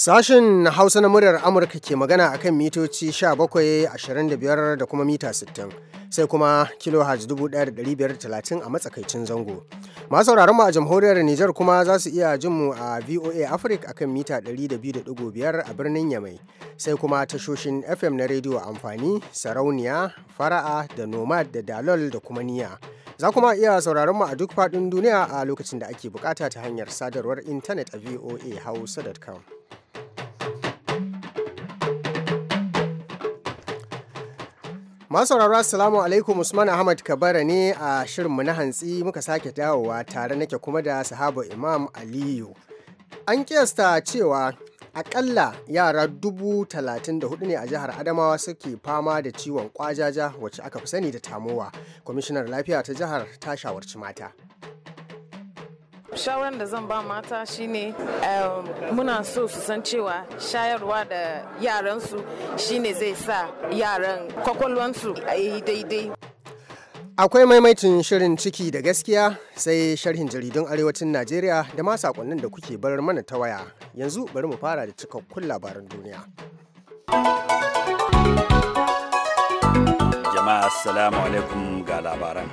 Sashen Hausa na muryar Amurka ke magana a kan mitoci 17,25 da kuma mita 60, sai kuma kilohertz 1,530 a matsakaicin zango. Masu mu a jamhuriyar Nijar kuma za su iya jin mu a VOA Africa a kan mita 200.5 a birnin Yamai, sai kuma tashoshin FM na rediyo amfani, sarauniya, fara'a da nomad da dalol da kuma niya. Za kuma iya sauraron mu a duk faɗin duniya a lokacin da ake bukata ta hanyar sadarwar intanet a voahausa.com. masauraro assalamu alaikum usman ahmad kabara ne a shirinmu na hantsi muka sake dawowa tare nake kuma da sahaba imam aliyu an kiyasta cewa akalla yara dubu talatin da hudu ne a jihar adamawa suke fama da ciwon kwajaja wacce aka fi sani da tamowa kwamishinar lafiya ta jihar ta shawarci mata shawaran da zan ba mata shine um, muna so su san cewa shayarwa da yaransu shine zai sa yaran kwakwalwansu a yi daidai akwai maimaitin shirin ciki da gaskiya sai sharhin jaridun arewacin najeriya da ma sakonnin da kuke barar mana ta waya yanzu bari mu fara da cikakkun labaran duniya jama'a assalamu alaikum ga labaran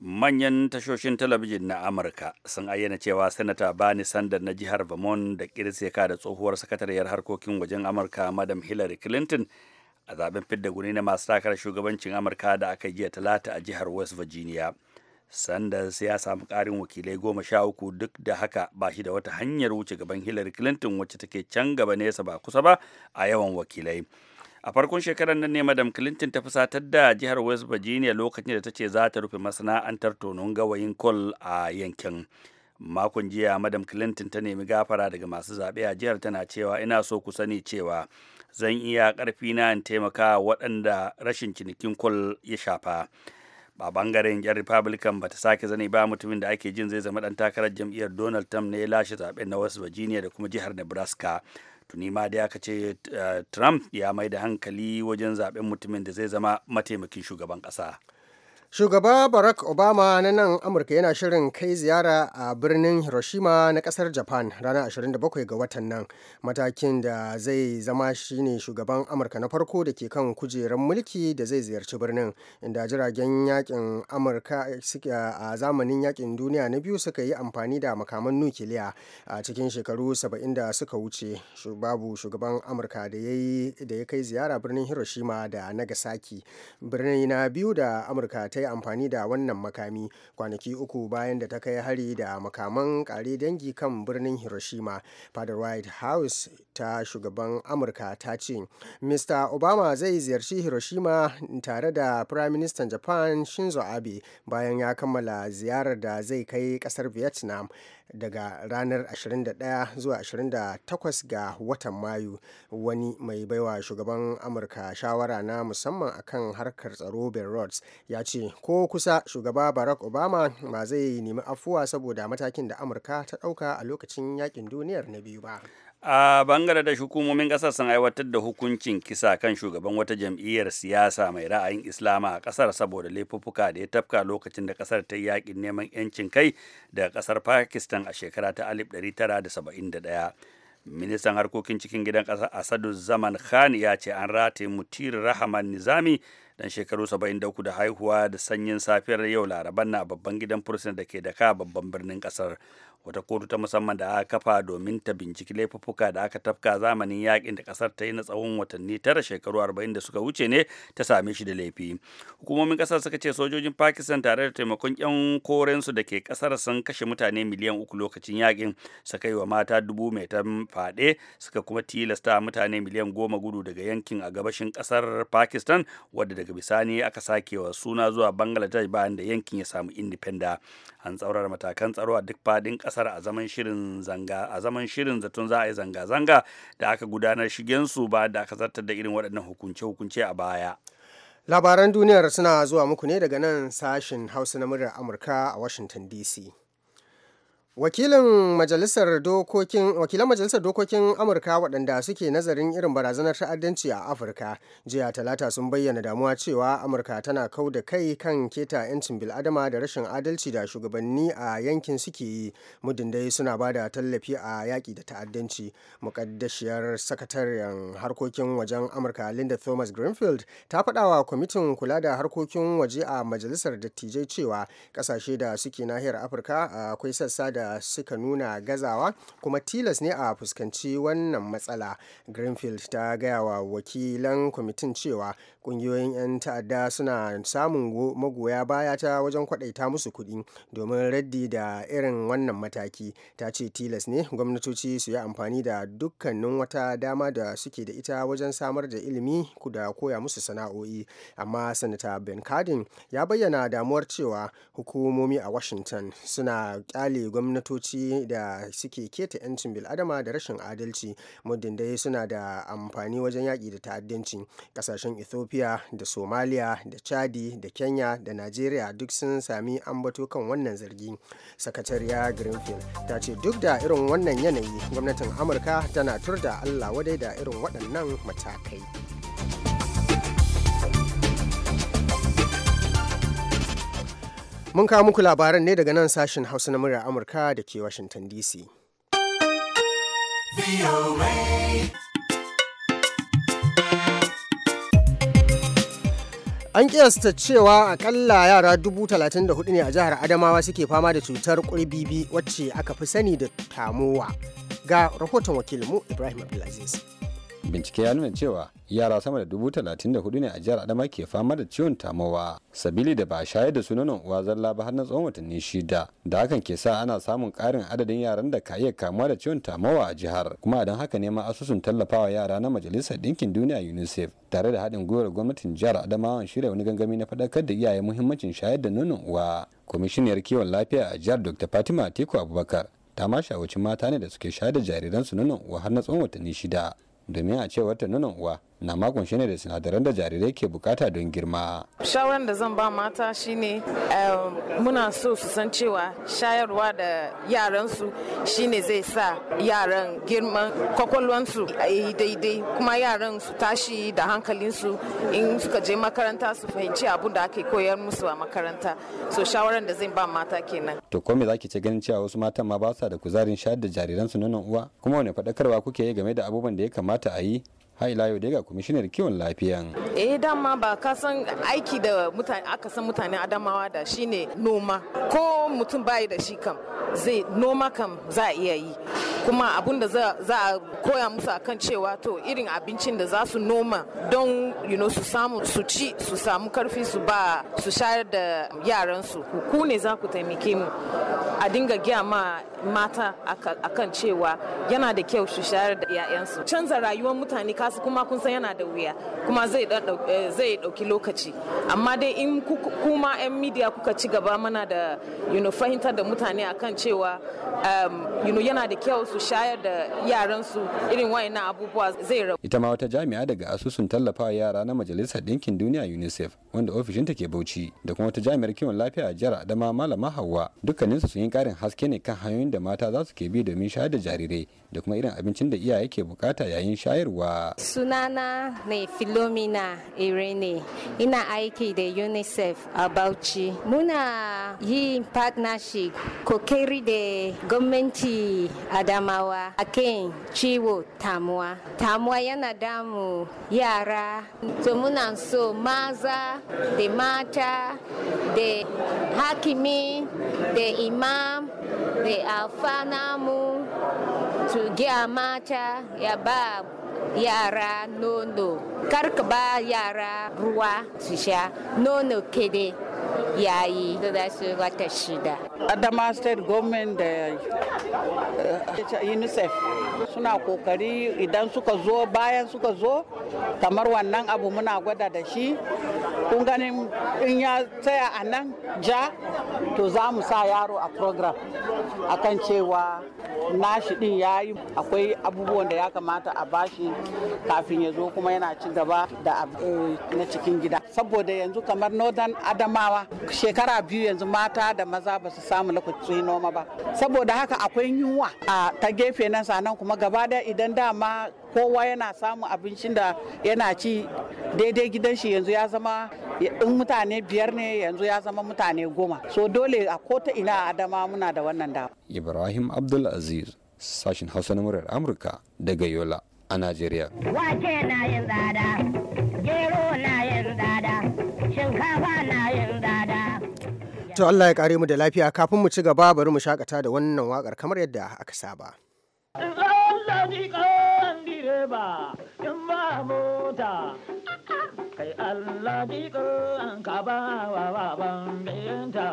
manyan tashoshin talabijin na amurka sun ayyana cewa sanata bani sandar na jihar vermont da kirseka da tsohuwar sakatariyar harkokin wajen amurka madam hillary clinton a zaben fidda guni na masu takarar shugabancin amurka da aka jiya talata a jihar west virginia sanders ya samu karin wakilai goma sha uku duk da haka ba shi da wata hanyar wuce gaban hillary clinton wacce take can gaba nesa ba kusa ba a yawan wakilai a farkon shekarar nan ne madam clinton ta fusatar da jihar west virginia lokacin da ta ce za ta rufe masana'antar tonon gawayin kol a yankin makon jiya madam clinton ta nemi gafara daga masu zaɓe a jihar tana cewa ina so ku sani cewa zan iya ƙarfi na in taimaka waɗanda rashin cinikin kol ya shafa ba bangaren yan republican ba ta sake zane ba mutumin da ake jin zai zama ɗan takarar jam'iyyar donald trump ne ya lashe zaɓen na west virginia da kuma jihar nebraska tuni ma da aka ce eh, trump ya mai da hankali wajen zaben mutumin da zai zama mataimakin shugaban ƙasa. Shugaba Barack Obama na nan Amurka yana shirin kai ziyara a birnin Hiroshima na kasar Japan ranar 27 ga watan nan. Matakin da zai zama shine shugaban Amurka na farko da ke kan kujerar mulki da zai ziyarci birnin inda jiragen yakin Amurka a zamanin yakin duniya na biyu suka yi amfani da makaman nukiliya a cikin shekaru 70 da suka wuce. Babu shugaban Amurka da ya kai ziyara birnin Hiroshima da Nagasaki. Birni na biyu da Amurka ta yi amfani da wannan makami kwanaki uku bayan da ta kai hari da makaman kare dangi kan birnin Hiroshima. Fadar White House ta shugaban Amurka ta ce, Mr. Obama zai ziyarci Hiroshima tare da Prime Minister Japan Shinzo Abe bayan ya kammala ziyarar da zai kai kasar Vietnam. daga ranar 21 zuwa 28 ga watan mayu wani mai baiwa shugaban amurka shawara na musamman akan harkar tsaro ben rhodes ya ce ko kusa shugaba barack obama ba zai nemi afuwa saboda matakin da amurka ta ɗauka a lokacin yakin duniyar na biyu ba a bangare da hukumomin kasar sun aiwatar da hukuncin kisa kan shugaban wata jam'iyyar siyasa mai ra'ayin islama a kasar saboda laifuffuka da ya tafka lokacin da kasar ta yi yakin neman 'yancin kai daga kasar pakistan a shekara ta 1971 ministan harkokin cikin gidan kasar asadu zaman khan ya ce an rataye mutir rahaman nizami dan shekaru 73 da haihuwa da sanyin safiyar yau laraban na babban gidan fursun da ke daka babban birnin kasar wata kotu ta musamman da aka kafa domin ta binciki laifuffuka da aka tafka zamanin yakin da kasar ta yi na tsawon watanni tara shekaru 40 da suka wuce ne ta same shi da laifi hukumomin kasar suka ce sojojin pakistan tare da taimakon yan korensu da ke kasar sun kashe mutane miliyan uku lokacin yakin suka yi wa mata dubu mai fade suka kuma tilasta mutane miliyan goma gudu daga yankin a gabashin kasar pakistan wadda daga bisani aka sake wa suna zuwa bangladesh bayan da yankin ya samu indipenda an tsaurara matakan tsaro a duk faɗin kasar kasar a zaman shirin zanga a zaman shirin zaton za a yi zanga-zanga da aka gudanar shigensu ba da aka zartar da irin waɗannan hukunce-hukunce a baya labaran duniyar suna zuwa muku ne daga nan sashin hausa na muryar amurka a washington dc Wakilin majalisar dokokin wakilan majalisar dokokin Amurka waɗanda suke nazarin irin barazanar ta'addanci a Afirka jiya talata sun bayyana damuwa cewa Amurka tana kau da kai kan keta 'yancin bil'adama da rashin adalci da shugabanni a yankin suke yi muddin dai suna ba da tallafi a yaƙi da ta'addanci. Muƙaddashiyar sakatariyar harkokin wajen Amurka Linda Thomas Greenfield ta faɗawa kwamitin kula da harkokin waje a majalisar dattijai cewa ƙasashe da suke nahiyar Afirka akwai sassa da suka nuna gazawa kuma tilas ne a fuskanci wannan matsala greenfield ta gaya wa wakilan kwamitin cewa kungiyoyin 'yan ta'adda suna samun magoya baya ta wajen kwadaita musu kuɗi domin raddi da irin wannan mataki ta ce tilas ne gwamnatoci su yi amfani da dukkanin wata dama da suke da ita wajen samar da ilimi da koya musu sana'o'i amma sanata ben cardin ya bayyana damuwar cewa hukumomi a washington suna kyale gwamnati gwamnatoci da suke keta 'yancin bil'adama da rashin adalci muddin dai suna da amfani wajen yaƙi da ta'addanci ƙasashen ethiopia da somalia da chadi da kenya da nigeria duk sun sami ambato kan wannan zargi sakatariya greenfield ta ce duk da irin wannan yanayi gwamnatin amurka tana tur da allah wadai da irin waɗannan matakai Mun kawo muku labaran ne daga nan sashen Hausa na murya Amurka da ke Washington DC. An kiyasta cewa akalla yara dubu talatin da hudu ne a jihar Adamawa suke fama da cutar kurbibi wacce aka fi sani da tamowa. Ga rahoton wakilinmu Ibrahim Abdulaziz. bincike ya nuna cewa yara sama da dubu talatin da hudu ne a jihar adama ke fama da ciwon tamowa sabili da ba shayar da su nonon uwa zalla ba har na tsawon watanni shida da hakan ke sa ana samun karin adadin yaran da ka iya kamuwa da ciwon tamowa a jihar kuma don haka ne ma asusun tallafawa yara na majalisar ɗinkin duniya unicef tare da haɗin gwiwar gwamnatin jihar adamawa shirya wani gangami na faɗakar da iyaye muhimmancin shayar da nonon uwa kwamishiniyar kiwon lafiya a jihar dr fatima atiku abubakar ta ma shawarci mata ne da suke shayar da jariransu nonon uwa har na tsawon watanni shida 对咩啊？其实我真正弄过。na makon shine da sinadaran da jarirai ke bukata don girma. Shawaran da zan ba mata shine eh, muna so su san cewa shayarwa da yaransu shine zai sa yaran girman kwakwalwansu a yi daidai kuma yaran su tashi da hankalinsu in suka je makaranta su fahimci abun da ake koyar musu a makaranta. So shawaran da zan ba mata kenan. To ko me zaki ce ganin cewa wasu matan ma ba sa da kuzarin shayar da jariransu nonon uwa kuma wani faɗakarwa kuke yi game da abubuwan da ya kamata a yi hai layo daga kwamishinar kiwon lafiya. eh dama ba ka san aiki da mutane aka san mutane adamawa da shine noma ko mutum bayi da shi kam zai noma kam za a iya yi kuma abun da za a koya musu akan cewa to irin abincin da za su noma don you know, su samu su ci su samu karfi su ba su shayar da yaransu ku ne za ku taimake mu a dinga giya ma mata akan cewa yana da kyau su shayar da 'ya'yansu canza rayuwar mutane kasu kuma kun san yana da wuya kuma zai dauki eh, lokaci amma dai in kuma 'yan midiya kuka ci gaba mana da you know, fahimtar da mutane akan cewa um, you know, yana da kyau su su shayar da yaransu irin wayannan abubuwa zai rabu. Ita ma wata jami'a daga asusun tallafawa yara na Majalisar dinkin Duniya UNICEF wanda ofishin ta ke Bauchi da kuma wata jami'ar kiwon lafiya a jihar Adama Malama Hauwa su sun yi karin haske ne kan hanyoyin da mata za su ke bi domin shayar da jarirai da kuma irin abincin da iyaye ke bukata yayin shayarwa. Sunana ne Philomena Irene ina aiki da UNICEF a Bauchi. Muna yi partnership kokari da gwamnati Adama adamawa akan ciwo tamuwa tamuwa yana damu yara to muna so maza da mata da hakimi da imam da alfanamu to gya mata ya ba yara nono karka ba yara ruwa su sha nono kede yayi da za su wata shida. Adama State Government da eh, eh, UNICEF suna kokari idan suka zo bayan suka zo kamar wannan abu muna gwada da shi kun ganin in ya tsaya a nan ja to za mu sa yaro a program akan cewa nashi din ya yi akwai abubuwan da ya kamata a bashi kafin ya zo kuma yana ci gaba da eh, na cikin gida saboda yanzu kamar northern adamawa talakawa shekara biyu yanzu mata da maza ba su samu lokacin noma ba saboda haka akwai yunwa a ta gefe nan sanan kuma gaba da idan dama kowa yana samu abincin da yana ci daidai gidan shi yanzu ya zama in mutane biyar ne yanzu ya zama mutane goma so dole a kota ina a adama muna da wannan da ibrahim aziz sashin hausa na murar amurka daga yola a najeriya wake na yin tsada gero na yin tsada shinkafa To Allah ya kare mu da lafiya kafin mu ci gaba bari mu shakata da wannan wakar kamar yadda aka saba. kai Allah bi an ka ba wa wa ban binta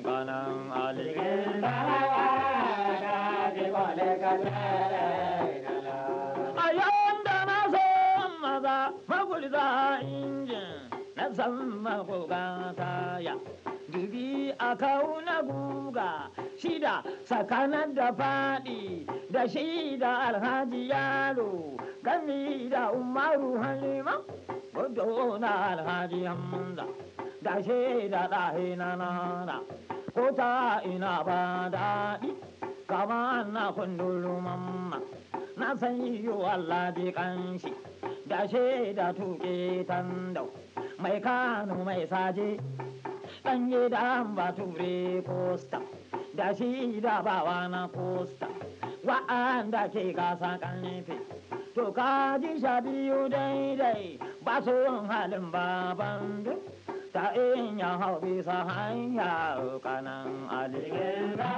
kanan alikin ba wa da da na so maza magulza injin ya zama gogata ya dubi a kauna guga shida tsakanar da faɗi da shida alhaji yaro gami da umaru halima gudu na alhaji hamza da shida ɗahe na nana ko ta ina ba daɗi kama na kundulu mamma na san yi Allah bi kanshi. da shi da tan tandau mai kanu mai saje ɗanye da Ture kosta da shi da bawa na kosta wa'anda ke gasa ƙarfe to kaji ji sha biyu daidai ba su halin baban duk ta in ya hau bisa hanya kanan alike da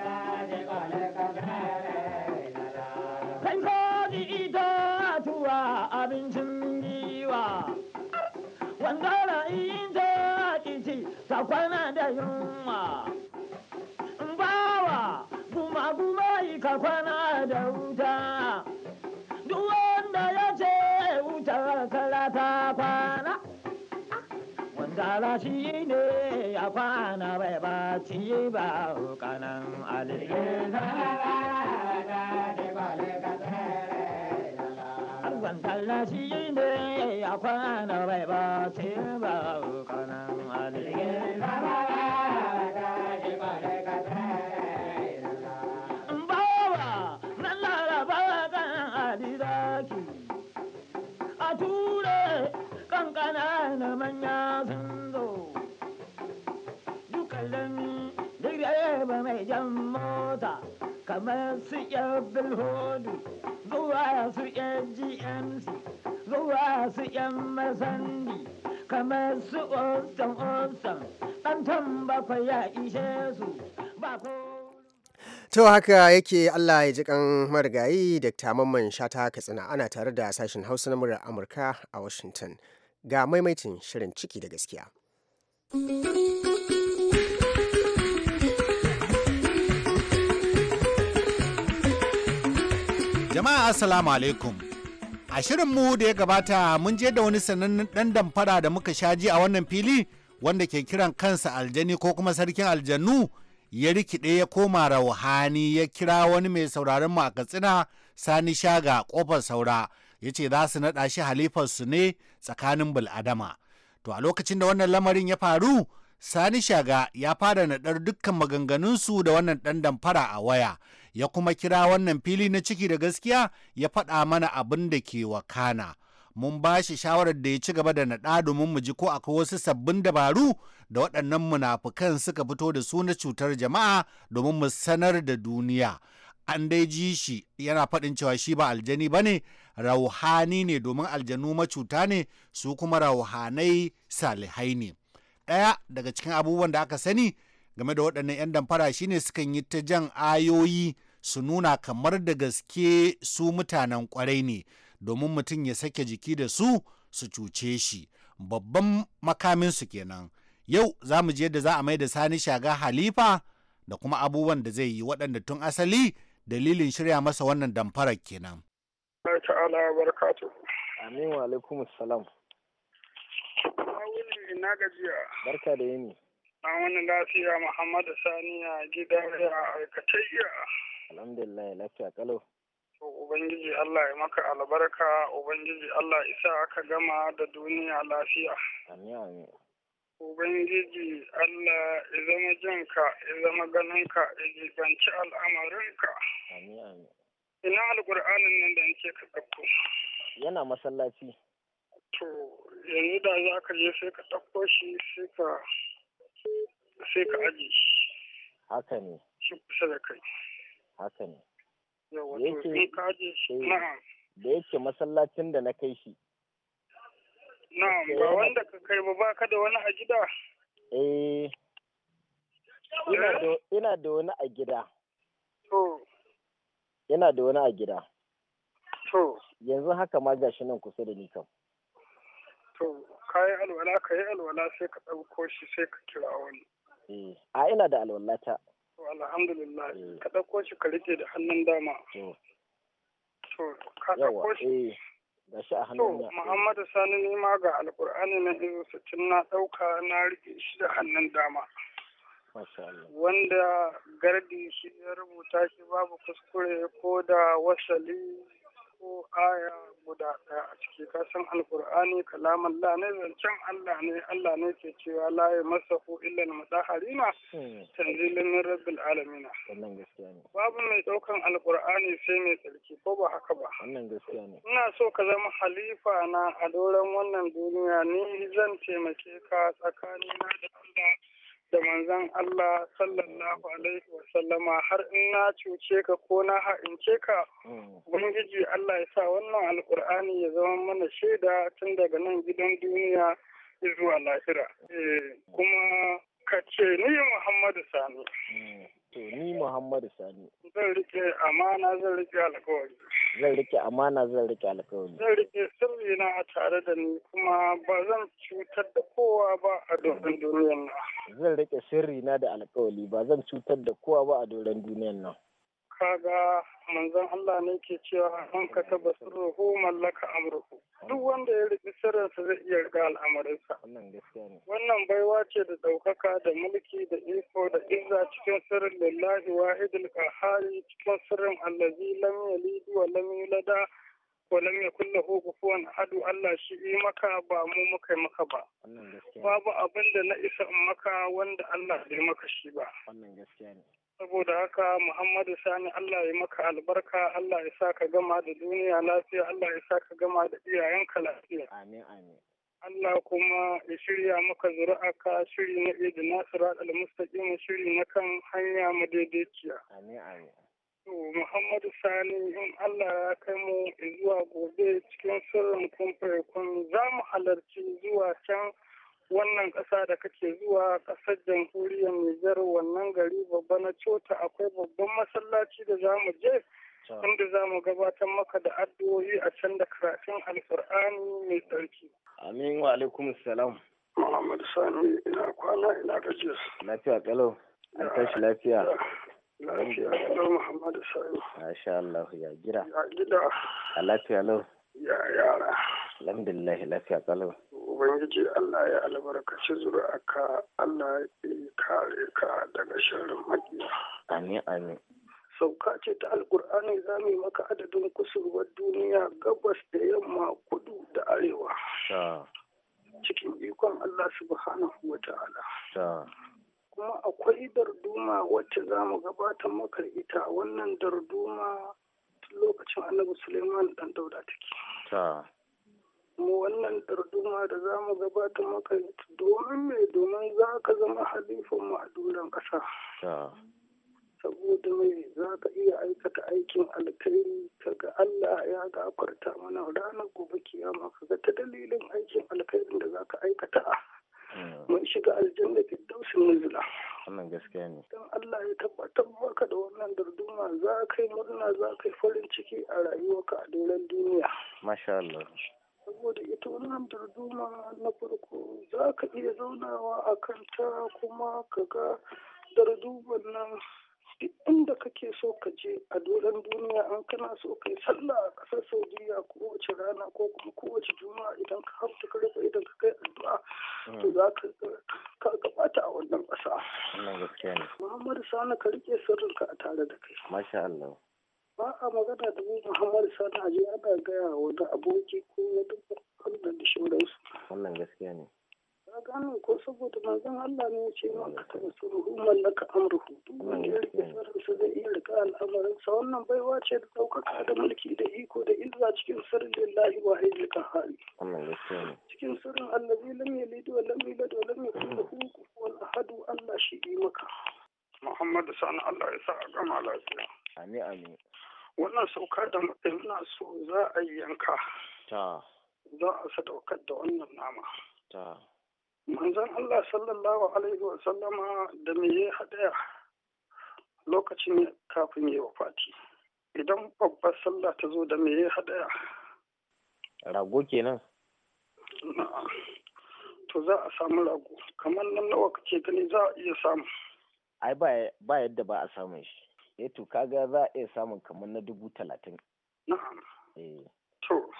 da da da abincin giwa wanda ra'ayin ta kici ta kwana da yunwa bawa kuma kuma yi ka kwana da wuta duk wanda ya ce wuta kala ta kwana Dala shi ne ya kwana bai ba ci ba kanan alilin. kan kalla shi ne ya kwana bai ba sai A kana malige na ba shi ba da ka bawa nan laraba kan alidaki a ture kan kanana manya sun zo dukkan direba mai jan mota kamar su yabbin zuwa su yan gmc zuwa su yan masandi kamar su ostan ostan ɗantan bakwai ya ishe su ba To haka yake Allah ya ji kan marigayi Dr. Mamman Shata Katsina ana tare da sashen Hausa na murar Amurka a Washington. Ga maimaitin shirin ciki da gaskiya. Jama'a Assalamu alaikum. A mu da ya gabata mun je da wani sanannen ɗan damfara da muka sha shaji a wannan fili wanda ke kiran kansa aljani ko kuma sarkin aljannu ya rikide ya koma rauhani ya kira wani mai sauraron mu a katsina sani shaga kofar saura ya ce za su naɗa shi halifarsu ne tsakanin bil'adama. To a lokacin da wannan lamarin ya faru Sani Shaga ya fara naɗar dukkan maganganunsu da wannan ɗan damfara a waya, ya kuma kira wannan fili na ciki da gaskiya ya faɗa mana abin da ke wakana. Mun ba shi shawarar da ya ci gaba da naɗa domin mu ji ko akwai wasu sabbin dabaru da waɗannan munafukan suka fito da su na cutar jama'a domin mu sanar da duniya. An dai ji shi yana faɗin cewa shi ba aljani ba ne, rauhani ne domin aljanu macuta ne, su kuma rauhanai salihai ne. ɗaya daga cikin abubuwan da aka sani game da waɗannan 'yan damfara shine sukan yi ta jan ayoyi su nuna kamar da gaske su mutanen kwarai ne domin mutum ya sake jiki da su su cuce shi babban makaminsu kenan yau za mu je da za a mai da sani shaga halifa da kuma abubuwan da zai yi waɗanda tun asali dalilin shirya masa wannan damfarar kenan. Amin wa alaikum salam. Na gajiya. Barka da yini. Na wani lafiya Muhammadu Sani a gida ya aikatayya. Alhamdulillah lafiya kalau. To Ubangiji Allah ya maka albarka, Ubangiji Allah isa aka gama da duniya lafiya. Amin amin. Ubangiji Allah ya zama jinka, ya zama ganinka, ya jibanci al'amarinka. Amin amin. Ina alƙur'anin nan da nke ka ɗauko. Yana masallaci. to yanzu da za ka je sai ka ɗauko shi sai ka aji shi haka ne shi kusa da kai haka ne yawa sai ka aji shi eh, da yake masallacin da na kai shi Na, ba wanda ka kai ba baka da wani a gida eh ina da wani a gida to ina da wani a gida to yanzu haka ma gashi nan kusa da ni kam to kayan alwala ka yi alwala sai ka ɗauko shi sai ka kira wani. Eh, a ina da alwala ta. alhamdulillah eh. ka ɗauko shi ka rike da hannun dama. to ka ɗauko shi. Eh, ga shi a hannun Muhammadu Sani ni ma ga Alƙur'ani na izu sittin na ɗauka na riƙe shi da hannun dama. Wanda gardi shi ya rubuta shi babu kuskure ko da wasali ko aya guda ɗaya a ciki kasan alkur'ani kalaman la ne zancen Allah ne Allah ne ke cewa la ya masa ko illan na mutsaharina hmm. tanzilin min rabbil alamina babu mai ɗaukan alkur'ani sai mai tsarki ko ba haka ba ina so ka zama halifa na a doron wannan duniya ni zan taimake ka tsakanina da Allah da manzon Allah sallallahu alaihi wa har in na cuce ka ko na ha'ince ka hmm. ubangiji Allah ya sa wannan alkur'ani ya zama mana shaida tun daga nan gidan duniya zuwa lahira eh, kuma ka ce ni Muhammadu Sani hmm. To ni Muhammadu Sani. Zan rike amana zan rike alkawari. Zan rike amana zan rike alkawari. Zan rike sirri na a tare da ni kuma ba zan cutar da kowa ba a doron duniyar nan. Zan rike sirri na da alkawari ba zan cutar da kowa ba a doron duniyar nan. kaga manzon Allah ne ke cewa an ka taba ruhu mallaka amruhu duk wanda ya riƙi sirrinsa zai iya riga al'amarinsa wannan baiwa ce da ɗaukaka da mulki da iko da izza cikin sirrin lillahi wahidul qahari cikin sirrin allazi lam yalid wa lam lada wa lam yakul lahu kufuwan ahad Allah shi yi maka ba mu muka maka ba babu abin da na isa maka wanda Allah bai maka shi ba saboda haka muhammadu sani allah ya maka albarka allah ya sa ka gama da duniya lafiya allah ya sa ka gama da iyayenka lafiya amin amin Allah kuma ya shirya maka ka shiri na idi nasira al-mustaqim shiri na kan hanya madaidaiciya amin amin to Muhammadu Sani in Allah ya kai mu zuwa gobe cikin sirrin kun za mu halarci zuwa can wannan ƙasa da kake zuwa ƙasar jamhuriyar Nijar wannan gari babba na cota akwai babban masallaci da za mu je inda za mu gabatar maka da addu'o'i a can da karatun alkur'ani mai tsarki. Amin wa alaikum salam. Muhammad Sani ina kwana ina gajiya. Lafiya kalau. An tashi lafiya. Lafiya kalau Muhammad Sani. Masha Allah ya gida. Ya gida. A lafiya lau. ya yara alhamdulillah lafiya kalau ubangiji allah ya albarkaci zuri'aka allah ya kare ka daga shirin maƙiya amin amin sauka ce ta alkur'ani za mu yi maka adadin kusurwar duniya gabas da yamma kudu da arewa cikin ikon allah subhanahu wa ta'ala kuma akwai darduma wacce za mu gabatar maka ita wannan darduma lokacin annabi suleiman dan dauda take mu wannan darduma da za mu gabata maka domin me domin za ka zama halifan mu a doron ƙasa saboda mai za ka iya aikata aikin alkhairi ga Allah ya gafarta mana ranar gobe kiyama ga ta dalilin aikin alkhairin da za ka aikata Hmm. mun shiga aljanna dausin nuzula wannan gaskiya ne don Allah ya tabbatar maka da wannan darduma za ka yi murna za ka yi farin ciki a rayuwarka a doron duniya masha Allah saboda ita wannan darduma na farko za ka iya zaunawa a kanta kuma ka ga darduman nan duk inda kake so ka je a doron duniya an kana so ka yi sallah a ƙasar saudiya kowace rana ko kuma kowace juma'a idan ka hafta ka rufe idan ka kai addu'a hmm. to za ka gabata a wannan ƙasa. Muhammadu Sani ka rike sirrinka a tare da kai. Masha Allah. Ba a magana da mu Muhammadu Sani a je ana gaya wa wani aboki ko wani da shauransu. Wannan gaskiya ne. kanu ko saboda manzon Allah ne ya ce man ka taɓa suruhu mallaka amruhu duk wanda ya rike mm, mm. sirrinsa zai iya rika sa wannan baiwa ce da ɗaukaka da mulki da iko da illa cikin sirrin lillahi wa ka hali. cikin sirrin allazi lam yalid wa lam yulad wa lam yakul lahu kufuwan ahadu Allah shi yi maka Muhammad sani Allah ya sa a gama lafiya amin amin wannan sauka da na so za a yi yanka za a sadaukar da wannan nama manzon Allah sallallahu alaihi wa sallama da me ya haɗaya lokacin kafin ya wafati idan babbar sallah ta zo da me ya haɗaya rago kenan to za a samu rago kamar nan nawa kake gani za a iya samu ai ba yadda ba a samun shi eh to kaga za a iya samun kamar na dubu talatin na'am eh. to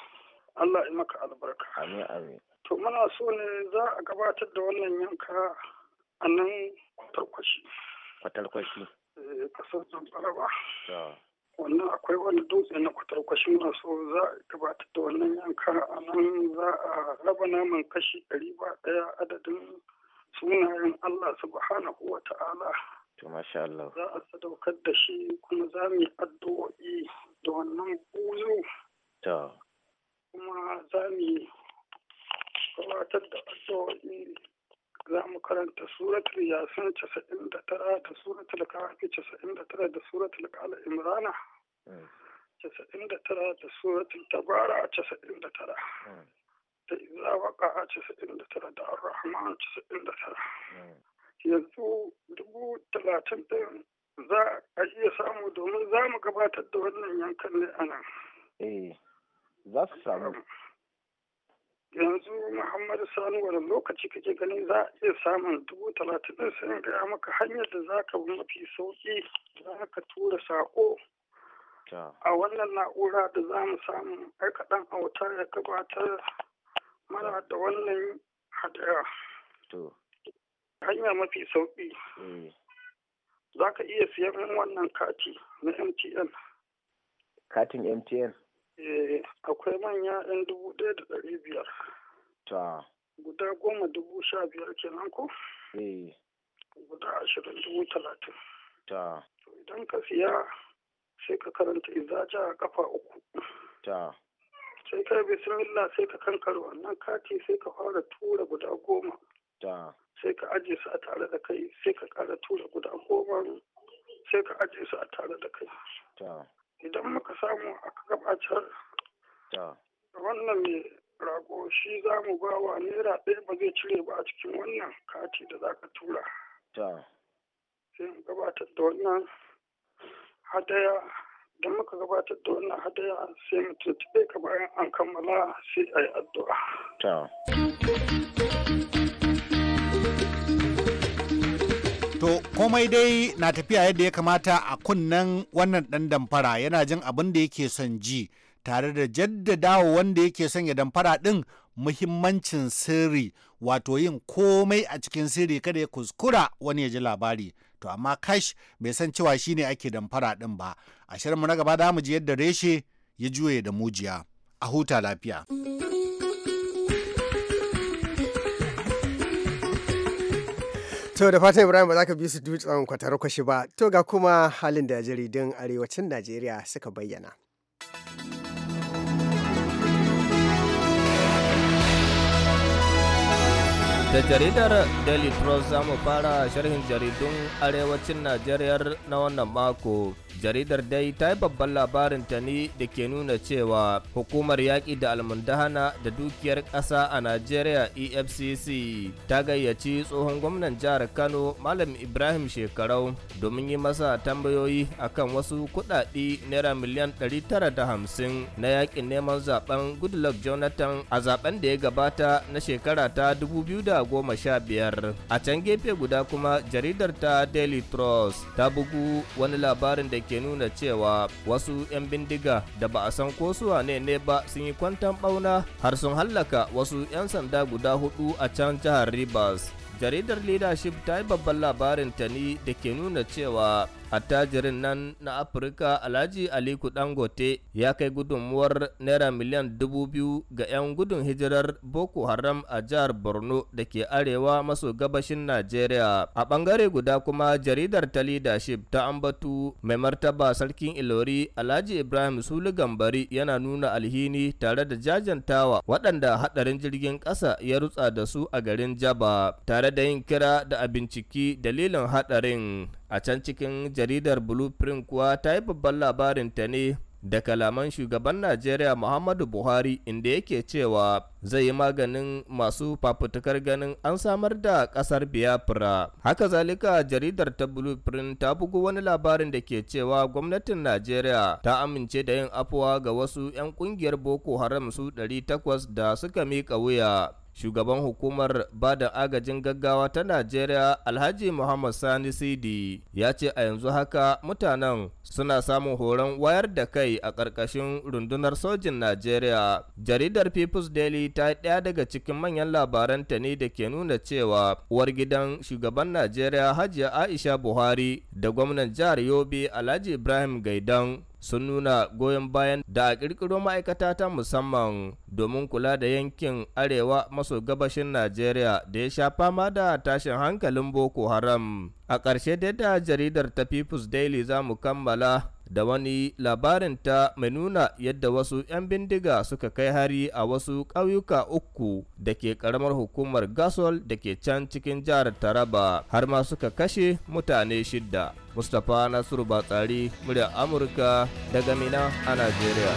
Allah ya maka albarka amin amin to muna so ne za a gabatar da wannan yanka a nan kwatarkwashi kwatarkwashi eh, kasar zambaraba wannan akwai wani dutse na kwatarkwashi muna so za a gabatar da wannan yanka a nan za a raba naman kashi ɗari ba ɗaya adadin sunayen Allah subhanahu wa ta'ala Za a sadaukar da shi kuma za mu yi addu'o'i da wannan buzu. Kuma za mu yi gabatar da addu'o'i za mu karanta suratul yasin casa'in da tara da suratul kafi casa'in da tara da suratul kala imrana hmm. casa'in da tara da suratul tabara casa'in da tara hmm. da iza waka casa'in da tara da da tara hmm. yanzu dubu talatin ɗin za a iya samu domin za mu gabatar da wannan yankan ne a nan. Eh, za su samu. yanzu muhammadu sani wani lokaci kake ganin za a iya samun dubu talatin da sun gaya maka hanyar da za ka mafi sauki za ka tura sako a wannan na'ura da za mu samu ai kaɗan a ya gabatar mana da wannan hadaya hanya mafi sauki eh. za ka iya siyan wannan kati na mtn katin mtn Eh, akwai manya ɗan dubu ɗaya da ɗari biyar. Ta. Guda goma dubu sha biyar kenan ko? Eh. Guda ashirin dubu talatin. Ta. Idan ka siya sai ka karanta izaja a kafa uku. Ta. Sai ka bismillah sai ka kankar wannan kati sai ka fara tura guda goma. Ta. Sai ka ajiye su a tare da kai sai ka ƙara tura guda goma sai ka ajiye su a tare da kai. Ta. idan muka samu aka gabatar da wannan ne rago shi za mu ba wa naira ɗaya ba zai cire ba a cikin wannan kati da za ka tura sai mu gabatar da wannan hadaya da muka gabatar da wannan hadaya sai mu tuntube kamar an kammala sai a yi addu'a. To komai dai na tafiya yadda ya kamata a kunnen wannan ɗan damfara yana jin abin da yake son ji tare da jaddadawa wanda yake son ya damfara ɗin muhimmancin sirri wato yin komai a cikin sirri kada ya kuskura wani ya ji labari. To amma kash bai san cewa shine ake damfara ɗin ba. A shirinmu na gaba da mu ji yadda reshe ya juye da mujiya. A huta lafiya. To da fatan Ibrahim ba za ka bi su dutsen kwatar kwashi ba. To ga kuma halin da jaridun arewacin Najeriya suka bayyana. da jaridar daily trust za mu fara sharhin jaridun arewacin najeriya na wannan mako jaridar dai ta yi babban labarin ta ne da ke nuna cewa hukumar yaƙi da almundahana da dukiyar ƙasa a najeriya efcc ta gayyaci tsohon gwamnan jihar kano malam ibrahim shekarau domin yi masa tambayoyi akan wasu kuɗaɗe naira miliyan 950 na yaƙin neman zaben goodluck jonathan a zaben da ya gabata na shekara ta 2015 a can gefe guda kuma jaridar ta daily trust ta bugu wani labarin da ke nuna cewa wasu 'yan bindiga da ba a san ko su ne ne ba sun yi kwantan bauna har sun hallaka wasu 'yan sanda guda hudu a can jihar Rivers. Jaridar Leadership ta yi babban labarin ta ne da ke nuna cewa attajirin nan na afirka alhaji aliku dangote ya kai gudunmuwar naira miliyan dubu biyu ga 'yan gudun hijirar boko haram a jihar borno da ke arewa maso gabashin najeriya a bangare guda kuma jaridar ta leadership ta ambatu mai martaba sarkin ilori alhaji ibrahim sulu gambari yana nuna alhini tare da jajantawa waɗanda haɗarin jirgin ƙasa ya rutsa da su a garin jaba tare da yin kira da a binciki dalilin haɗarin a can cikin jaridar blueprint kuwa ta yi babban labarin ta ne da kalaman shugaban najeriya muhammadu buhari inda yake cewa zai yi maganin masu fafutukar ganin an samar da kasar biafra haka zalika jaridar ta blueprint ta bugu wani labarin da ke cewa gwamnatin najeriya ta amince da yin afuwa ga wasu 'yan kungiyar boko haram su 800 da suka miƙa wuya shugaban hukumar ba da agajin gaggawa ta najeriya alhaji muhammad sani sidi ya ce a yanzu haka mutanen suna samun horon wayar da kai a ƙarƙashin rundunar sojin najeriya jaridar people's daily ta yi ɗaya daga cikin manyan labaranta ne da ke nuna cewa uwar gidan shugaban najeriya hajiya aisha buhari da gwamnan jihar yobe alhaji ibrahim gaidan sun nuna goyon bayan da a ƙirƙiro ma'aikata ta musamman domin kula da yankin arewa maso gabashin Najeriya da ya sha fama da tashin hankalin Boko Haram. A ƙarshe dai da jaridar ta People's Daily za mu kammala da wani labarin ta mai nuna yadda wasu 'yan bindiga suka kai hari a wasu ƙauyuka uku da ke ƙaramar hukumar gasol da ke can cikin jihar taraba har ma suka kashe mutane shidda mustapha nasiru batsari murya amurka daga mina a nigeria.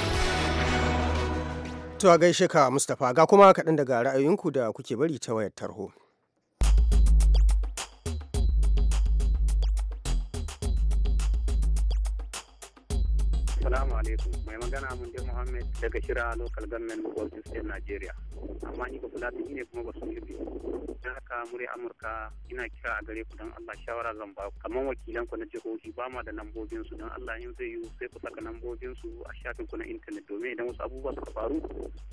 to gaishe ka mustapha ga kuma kaɗan daga ra'ayinku da kuke bari ta wayar tarho Assalamu alaikum mai magana mun dai Muhammad daga Shira Local Government Board State Nigeria. Amma ni ba kula ne kuma ba su yi Don ka muri Amurka ina kira a gare ku don Allah shawara zan ba ku. Kamar wakilan ku na jihohi ba ma da lambobin su don Allah yin zai yi sai ku saka lambobin su a shafin ku na intanet domin idan wasu abubuwa suka faru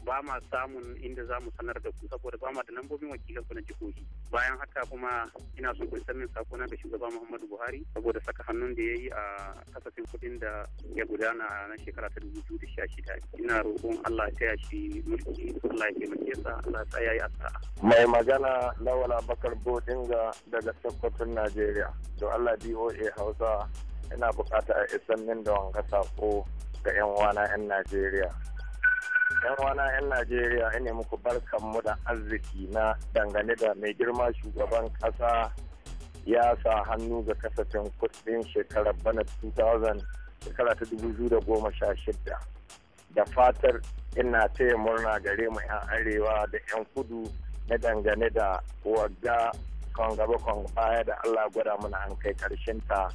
ba ma samun inda za mu sanar da ku saboda ba ma da lambobin wakilan ku na jihohi. Bayan haka kuma ina so ku isar min sakona ga shugaba Muhammadu Buhari saboda saka hannun da ya yi a kasafin kuɗin da ya gudana na ranar shekara ta dubu biyu da sha shida ina roƙon Allah ta ya shi mulki Allah ya taimake sa Allah mai magana lawala bakar bodinga daga sokoto najeriya to Allah DOA hausa ina bukata a isan min da wanka sako ga yan wana yan najeriya yan wana yan najeriya ina muku barkan mu da arziki na dangane da mai girma shugaban ƙasa ya sa hannu ga kasafin kudin shekarar bana 2000 shekara ta dubu biyu da goma sha shida da fatar ina taya murna gare mu 'yan arewa da 'yan kudu na dangane da wagga kwanga gaba da Allah gwada mana an kai karshen ta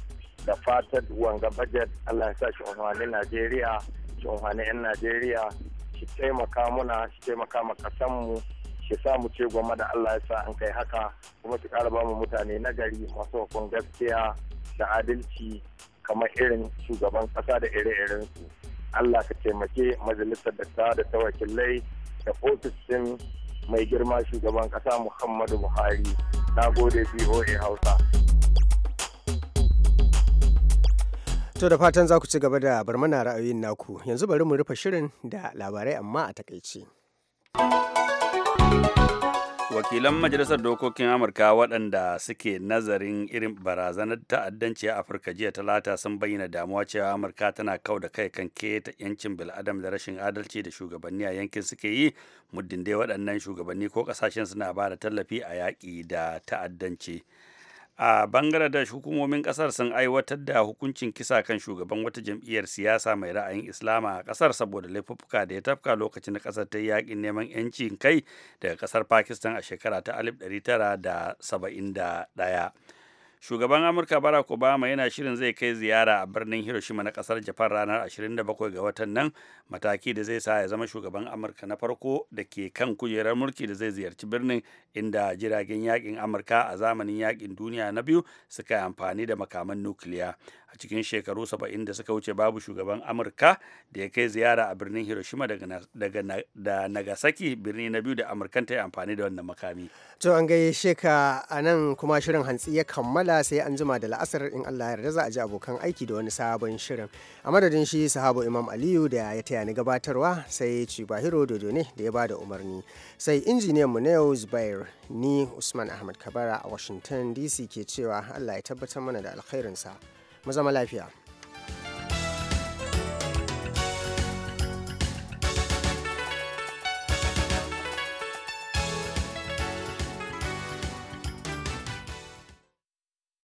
da fatar wanga budget Allah ya sa shi umarni Najeriya shi umarni 'yan Najeriya shi taimaka muna shi taimaka ma mu shi sa mu ce goma da Allah ya sa an kai haka kuma shi kara ba mu mutane nagari masu hukun gaskiya da adalci kamar irin shugaban kasa da ire-iren su Allah ka taimake majalisar dattawa da ta wakilai da ofishin mai girma shugaban kasa Muhammadu Buhari na gode BOA Hausa To da fatan za ku ci gaba da barmana ra'ayoyin naku yanzu bari mu rufe shirin da labarai amma a takaice. wakilan majalisar dokokin amurka waɗanda suke nazarin irin barazanar ta'addanci a afirka jiya talata sun bayyana damuwa cewa amurka tana kau da kai kan keta yancin bil'adam da rashin adalci da shugabanni a yankin suke yi muddin dai waɗannan shugabanni ko ƙasashen suna ba da tallafi a yaƙi da ta'addanci a bangladesh hukumomin kasar sun aiwatar da hukuncin kisa kan shugaban wata jam'iyyar siyasa mai ra'ayin islama a kasar saboda laifuffuka da ya tafka lokacin da kasar ta yakin neman yancin kai daga kasar pakistan a shekara ta 1971 shugaban amurka barack obama yana shirin zai kai ziyara a birnin hiroshima na kasar japan ranar 27 ga watan nan mataki da zai sa ya zama shugaban amurka na farko da ke kan kujerar mulki da zai ziyarci birnin inda jiragen yakin amurka a zamanin yakin duniya na biyu suka yi amfani da makaman nukiliya a cikin shekaru 70 da suka wuce babu shugaban amurka da ya kai ziyara a birnin hiroshima daga da nagasaki birni na biyu da amurkan ta yi amfani da wannan makami to an gaishe ka a nan kuma shirin hantsi ya kammala kammala sai an jima da la'asar in Allah yarda za a ji abokan aiki da wani sabon shirin. A madadin shi sahabo Imam Aliyu da ya taya ni gabatarwa sai ci bahiro Dodo ne da ya bada umarni. Sai injiniyan mu na yau Zubair ni Usman Ahmad Kabara a Washington DC ke cewa Allah ya tabbatar mana da alkhairinsa. Mu zama lafiya.